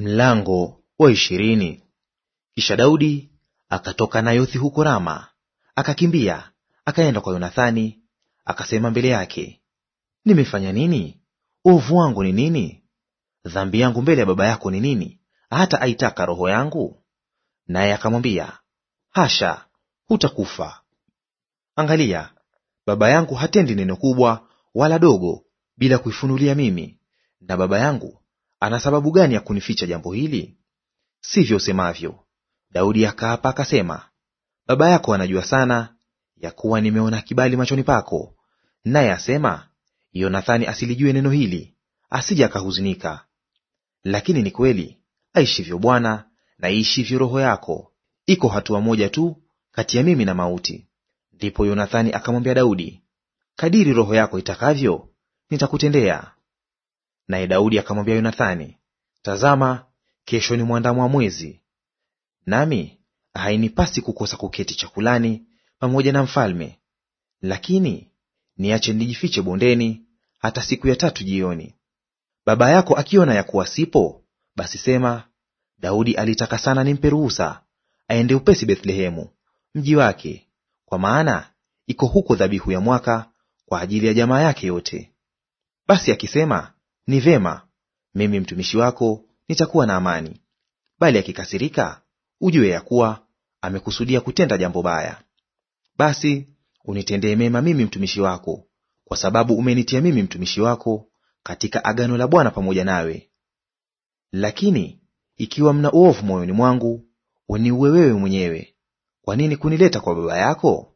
Mlango wa ishirini. Kisha Daudi akatoka Nayothi huko Rama, akakimbia akaenda kwa Yonathani, akasema mbele yake, nimefanya nini? Uovu wangu ni nini? Dhambi yangu mbele ya baba yako ni nini, hata aitaka roho yangu? Naye akamwambia, hasha, hutakufa. Angalia, baba yangu hatendi neno kubwa wala dogo bila kuifunulia mimi, na baba yangu ana sababu gani ya kunificha jambo hili? Sivyo usemavyo. Daudi akaapa akasema, baba yako anajua sana ya kuwa nimeona kibali machoni pako, naye asema, Yonathani asilijue neno hili, asije akahuzunika. Lakini ni kweli, aishivyo Bwana na iishivyo roho yako, iko hatua moja tu kati ya mimi na mauti. Ndipo Yonathani akamwambia Daudi, kadiri roho yako itakavyo nitakutendea. Naye Daudi akamwambia Yonathani, tazama, kesho ni mwandamo wa mwezi, nami hainipasi kukosa kuketi chakulani pamoja na mfalme, lakini niache nijifiche bondeni hata siku ya tatu jioni. Baba yako akiona ya kuwa sipo, basi sema, Daudi alitaka sana nimpe ruhusa aende upesi Bethlehemu mji wake, kwa maana iko huko dhabihu ya mwaka kwa ajili ya jamaa yake yote. Basi akisema ni vema, mimi mtumishi wako nitakuwa na amani; bali akikasirika, ujue ya kuwa amekusudia kutenda jambo baya. Basi unitendee mema mimi mtumishi wako, kwa sababu umenitia mimi mtumishi wako katika agano la Bwana pamoja nawe. Lakini ikiwa mna uovu moyoni mwangu, uniue wewe mwenyewe; kwa nini kunileta kwa baba yako?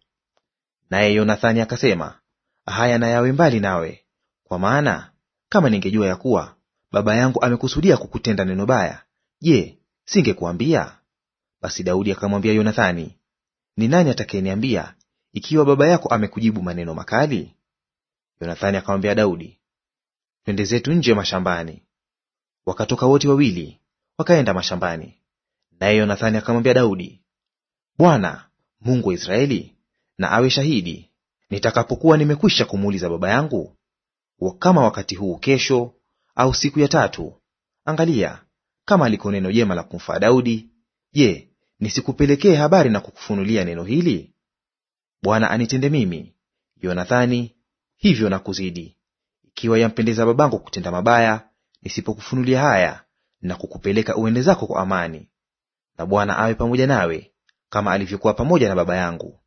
Naye Yonathani akasema, haya na yawe mbali nawe, kwa maana kama ningejua ya kuwa baba yangu amekusudia kukutenda neno baya, je, singekuambia? Basi Daudi akamwambia Yonathani, ni nani atakayeniambia ikiwa baba yako amekujibu maneno makali? Yonathani akamwambia Daudi, twende zetu nje mashambani. Wakatoka wote wawili wakaenda mashambani. Naye Yonathani akamwambia Daudi, Bwana Mungu wa Israeli na awe shahidi, nitakapokuwa nimekwisha kumuuliza baba yangu kama wakati huu kesho au siku ya tatu, angalia kama liko neno jema la kumfaa Daudi, je, nisikupelekee habari na kukufunulia neno hili? Bwana anitende mimi Yonathani hivyo na kuzidi, ikiwa yampendeza babangu kutenda mabaya, nisipokufunulia haya na kukupeleka uende zako kwa amani. Na Bwana awe pamoja nawe kama alivyokuwa pamoja na baba yangu.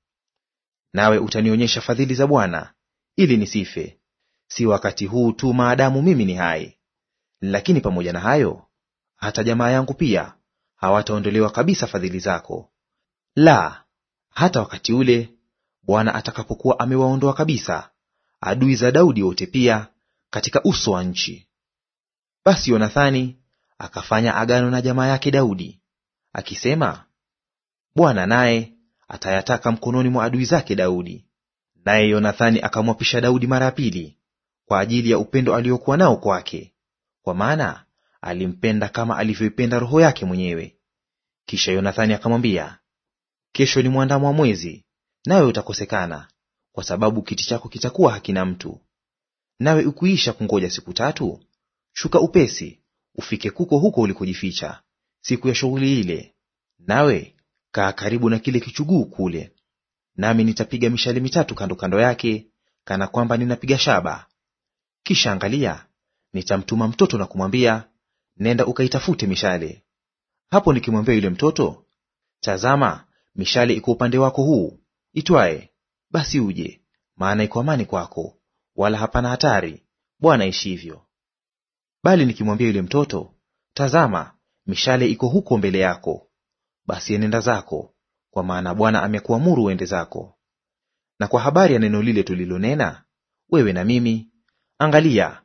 Nawe utanionyesha fadhili za Bwana ili nisife, si wakati huu tu maadamu mimi ni hai. Lakini pamoja na hayo, hata jamaa yangu pia hawataondolewa kabisa fadhili zako. La, hata wakati ule Bwana atakapokuwa amewaondoa kabisa adui za Daudi wote pia katika uso wa nchi. Basi Yonathani akafanya agano na jamaa yake Daudi akisema, Bwana naye atayataka mkononi mwa adui zake Daudi. Naye Yonathani akamwapisha Daudi mara ya pili, kwa ajili ya upendo aliokuwa nao kwake, kwa maana alimpenda kama alivyoipenda roho yake mwenyewe. Kisha Yonathani akamwambia, kesho ni mwandamo wa mwezi, nawe utakosekana, kwa sababu kiti chako kitakuwa hakina mtu. Nawe ukuisha kungoja siku tatu, shuka upesi ufike kuko huko ulikojificha siku ya shughuli ile, nawe kaa karibu na kile kichuguu kule, nami nitapiga mishale mitatu kando kando yake, kana kwamba ninapiga shaba, kisha angalia, nitamtuma mtoto na kumwambia, nenda ukaitafute mishale. Hapo nikimwambia yule mtoto, tazama, mishale iko upande wako huu, itwaye, basi uje, maana iko amani kwako, wala hapana hatari, Bwana ishivyo. Bali nikimwambia yule mtoto, tazama, mishale iko huko mbele yako, basi enenda zako, kwa maana Bwana amekuamuru uende zako. Na kwa habari ya neno lile tulilonena, wewe na mimi Angalia,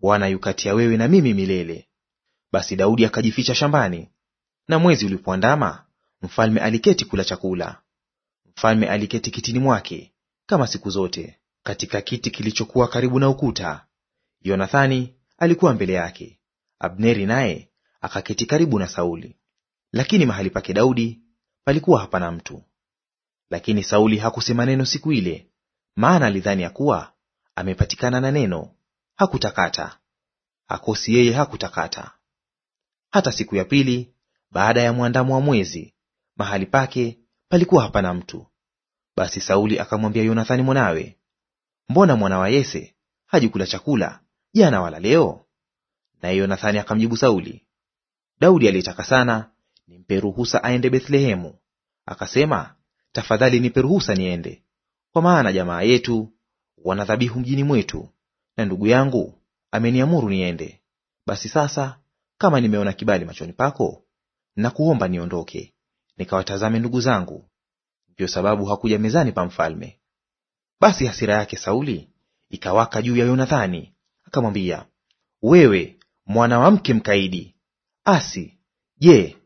Bwana yukatia ya wewe na mimi milele. Basi Daudi akajificha shambani, na mwezi ulipoandama, mfalme aliketi kula chakula. Mfalme aliketi kitini mwake kama siku zote, katika kiti kilichokuwa karibu na ukuta. Yonathani alikuwa mbele yake, Abneri naye akaketi karibu na Sauli, lakini mahali pake Daudi palikuwa hapana mtu. Lakini Sauli hakusema neno siku ile, maana alidhani ya kuwa amepatikana na neno, hakutakata, akosi yeye hakutakata. Hata siku ya pili baada ya mwandamo wa mwezi, mahali pake palikuwa hapana mtu. Basi Sauli akamwambia Yonathani mwanawe, mbona mwana wa Yese hajikula chakula jana wala leo? Naye Yonathani akamjibu Sauli, Daudi aliyetaka sana nimpe ruhusa aende Bethlehemu, akasema, tafadhali nipe ruhusa niende, kwa maana jamaa yetu wanadhabihu mjini mwetu, na ndugu yangu ameniamuru niende. Basi sasa, kama nimeona kibali machoni pako, na kuomba niondoke nikawatazame ndugu zangu. Ndiyo sababu hakuja mezani pa mfalme. Basi hasira yake Sauli ikawaka juu ya Yonathani, akamwambia, wewe mwana wa mke mkaidi Asi, je,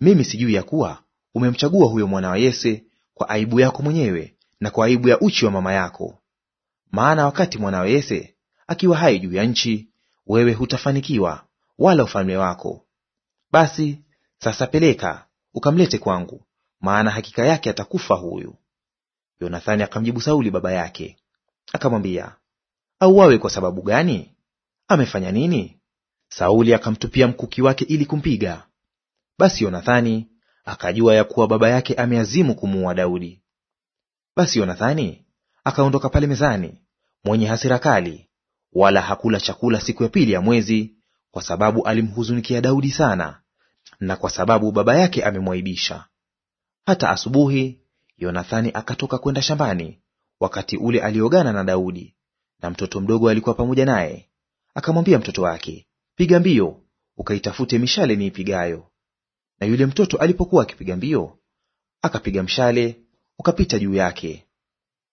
mimi sijui ya kuwa umemchagua huyo mwana wa Yese kwa aibu yako mwenyewe na kwa aibu ya uchi wa mama yako? Maana wakati mwana wa Yese akiwa hai juu ya nchi, wewe hutafanikiwa wala ufalme wako. Basi sasa peleka ukamlete kwangu, maana hakika yake atakufa huyu. Yonathani akamjibu Sauli baba yake akamwambia, auawe kwa sababu gani? Amefanya nini? Sauli akamtupia mkuki wake ili kumpiga. Basi Yonathani akajua ya kuwa baba yake ameazimu kumuua Daudi. Basi Yonathani akaondoka pale mezani mwenye hasira kali, wala hakula chakula siku ya pili ya mwezi, kwa sababu alimhuzunikia Daudi sana, na kwa sababu baba yake amemwaibisha. Hata asubuhi Yonathani akatoka kwenda shambani, wakati ule aliogana na Daudi, na mtoto mdogo alikuwa pamoja naye. Akamwambia mtoto wake, piga mbio ukaitafute mishale niipigayo. Na yule mtoto alipokuwa akipiga mbio, akapiga mshale ukapita juu yake,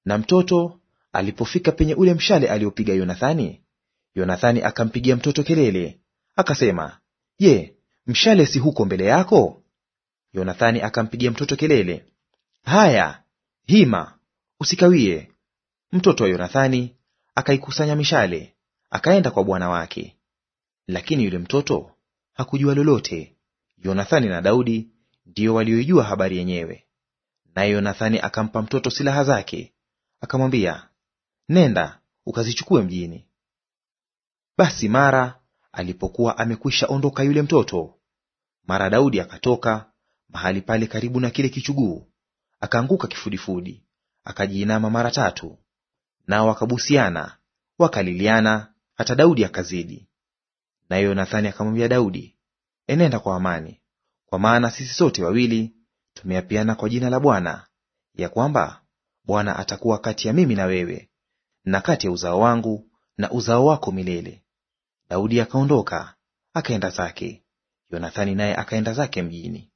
na mtoto Alipofika penye ule mshale aliopiga Yonathani, Yonathani akampigia mtoto kelele akasema, Je, mshale si huko mbele yako? Yonathani akampigia mtoto kelele, haya hima, usikawie. Mtoto wa Yonathani akaikusanya mishale, akaenda kwa bwana wake. Lakini yule mtoto hakujua lolote. Yonathani na Daudi ndiyo walioijua habari yenyewe. Naye Yonathani akampa mtoto silaha zake, akamwambia, nenda ukazichukue mjini. Basi mara alipokuwa amekwisha ondoka yule mtoto, mara Daudi akatoka mahali pale karibu na kile kichuguu, akaanguka kifudifudi, akajiinama mara tatu, nao wakabusiana, wakaliliana, hata Daudi akazidi. Na Yonathani akamwambia Daudi, enenda kwa amani, kwa maana sisi sote wawili tumeapiana kwa jina la Bwana ya kwamba Bwana atakuwa kati ya mimi na wewe, na kati ya uzao wangu na uzao wako milele. Daudi akaondoka akaenda zake, Yonathani naye akaenda zake mjini.